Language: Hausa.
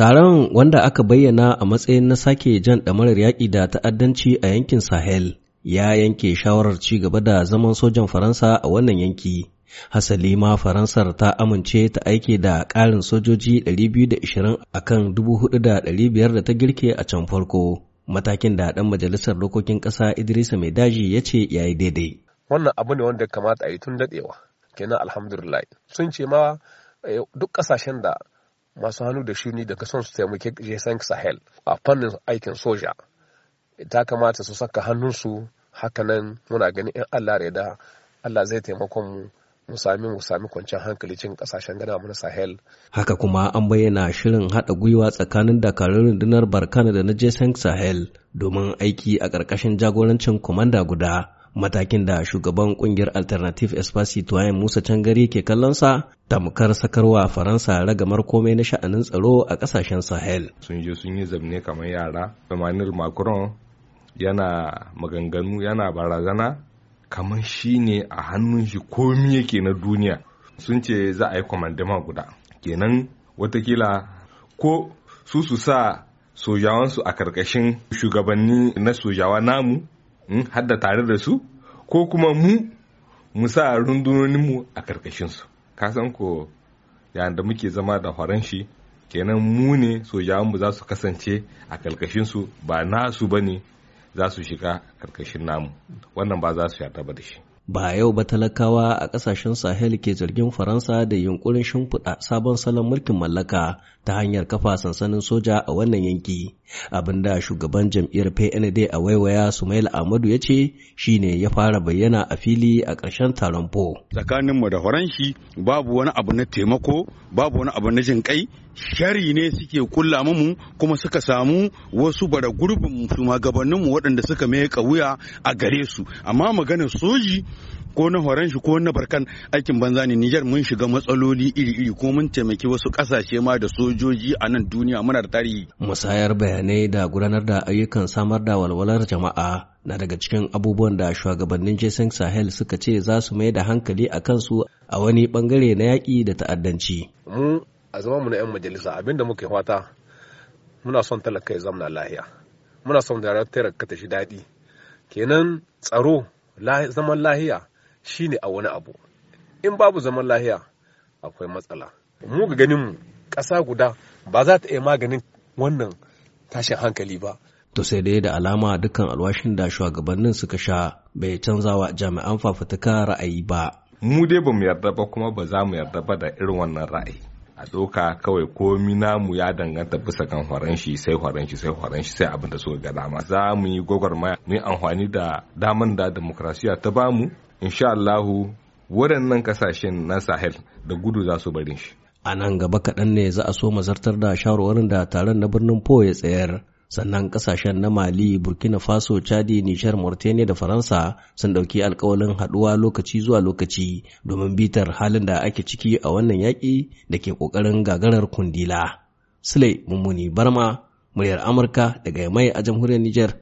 Taron wanda aka bayyana a matsayin na sake jan ɗamarar yaƙi da ta'addanci a yankin Sahel ya yanke shawarar ci gaba da zaman sojan Faransa a wannan yanki. Hasali ma Faransar ta amince ta aike da ƙarin sojoji 220 a kan 4,500 da ta girke a can farko. Matakin da ɗan majalisar dokokin ƙasa Idrisa Mai daji ya ce ya yi daidai. Wannan abu ne wanda kamata a yi tun daɗewa. Kenan alhamdulillah. Sun ce ma eh, duk ƙasashen da masu hannu da shuni daga son su taimaki jesan sahel a fannin aikin soja ta kamata su saka hannunsu hakanan muna ganin in allah da allah zai taimakon mu mu sami mu sami kwanciyar hankali cikin kasashen gana mu na sahel haka kuma an bayyana shirin haɗa gwiwa tsakanin dakarun rundunar barkana da na jesan sahel domin aiki a ƙarƙashin jagorancin kwamanda guda matakin da shugaban kungiyar alternative espace citoyen musa cangare ke kallonsa tamkar sakarwa faransa ragamar komai na sha'anin tsaro a kasashen sahel sun je sun yi zamne kamar yara emmanuel macron yana maganganu yana barazana kamar shi ne a hannun shi komi yake na duniya sun ce za a yi kwamandama guda kenan watakila ko su su sa sojawansu a karkashin shugabanni na sojawa namu har da tare da su ko kuma mu mu sa rundunoninmu a karkashinsu ka san ko yayin da muke zama da faranshi kenan mu ne sojawanmu za su kasance a karkashinsu ba nasu ba ne za su shiga karkashin namu wannan ba za su yarda ba da shi ba yau ba talakawa a kasashen sahel ke zargin faransa da yunkurin shimfiɗa sabon salon mulkin mallaka ta hanyar kafa sansanin soja a wannan yanki abinda shugaban jam'iyyar PND a waiwaya Sumail Ahmadu ya ce shine ya fara bayyana a fili a ƙarshen taron po. Tsakaninmu da shi babu wani abu na taimako, babu wani abu na jin kai, shari ne suke kulla mu kuma suka samu wasu bara gurbin gabaninmu waɗanda suka mai wuya a gare su. Amma magana soji ko na horon shi ko na barkan aikin banza ne Nijar mun shiga matsaloli iri-iri ko mun taimaki wasu ƙasashe ma da sojoji a nan duniya muna da tarihi. Musayar Bayan. bayanai da gudanar da ayyukan samar da walwalar jama'a na daga cikin abubuwan da shugabannin jason sahel suka ce za su mai da hankali a kansu a wani bangare na yaƙi da ta'addanci mu a zama mu na 'yan majalisa abinda muke fata muna son talaka ya zamana lahiya muna son da talaka ka shi daɗi kenan tsaro zaman lahiya shine a wani abu in babu zaman lahiya akwai matsala mu ga ganin mu ƙasa guda ba za ta iya maganin wannan tashin hankali ba. To sai dai da alama dukkan alwashin da shugabannin suka sha bai canza wa jami'an fafutuka ra'ayi ba. Mu dai ba mu yarda ba kuma ba za mu yarda ba da irin wannan ra'ayi. A doka kawai komi namu ya danganta bisa kan horon shi sai horon shi sai horon shi sai abin da suka ga dama. Za mu yi gwagwarmaya mu yi amfani da daman da demokrasiya ta bamu. Insha Allahu waɗannan kasashen na Sahel da gudu za su barin shi. a nan gaba kaɗan ne za a so zartar da shawarwarin da taron na birnin po ya tsayar sannan ƙasashen na mali burkina faso chadi nishar mauritania da faransa sun ɗauki alkawalin haɗuwa lokaci zuwa lokaci domin bitar halin da ake ciki a wannan yaƙi da ke ƙoƙarin gagarar kundila sule mummuni barma muryar amurka daga mai a jamhuriyar niger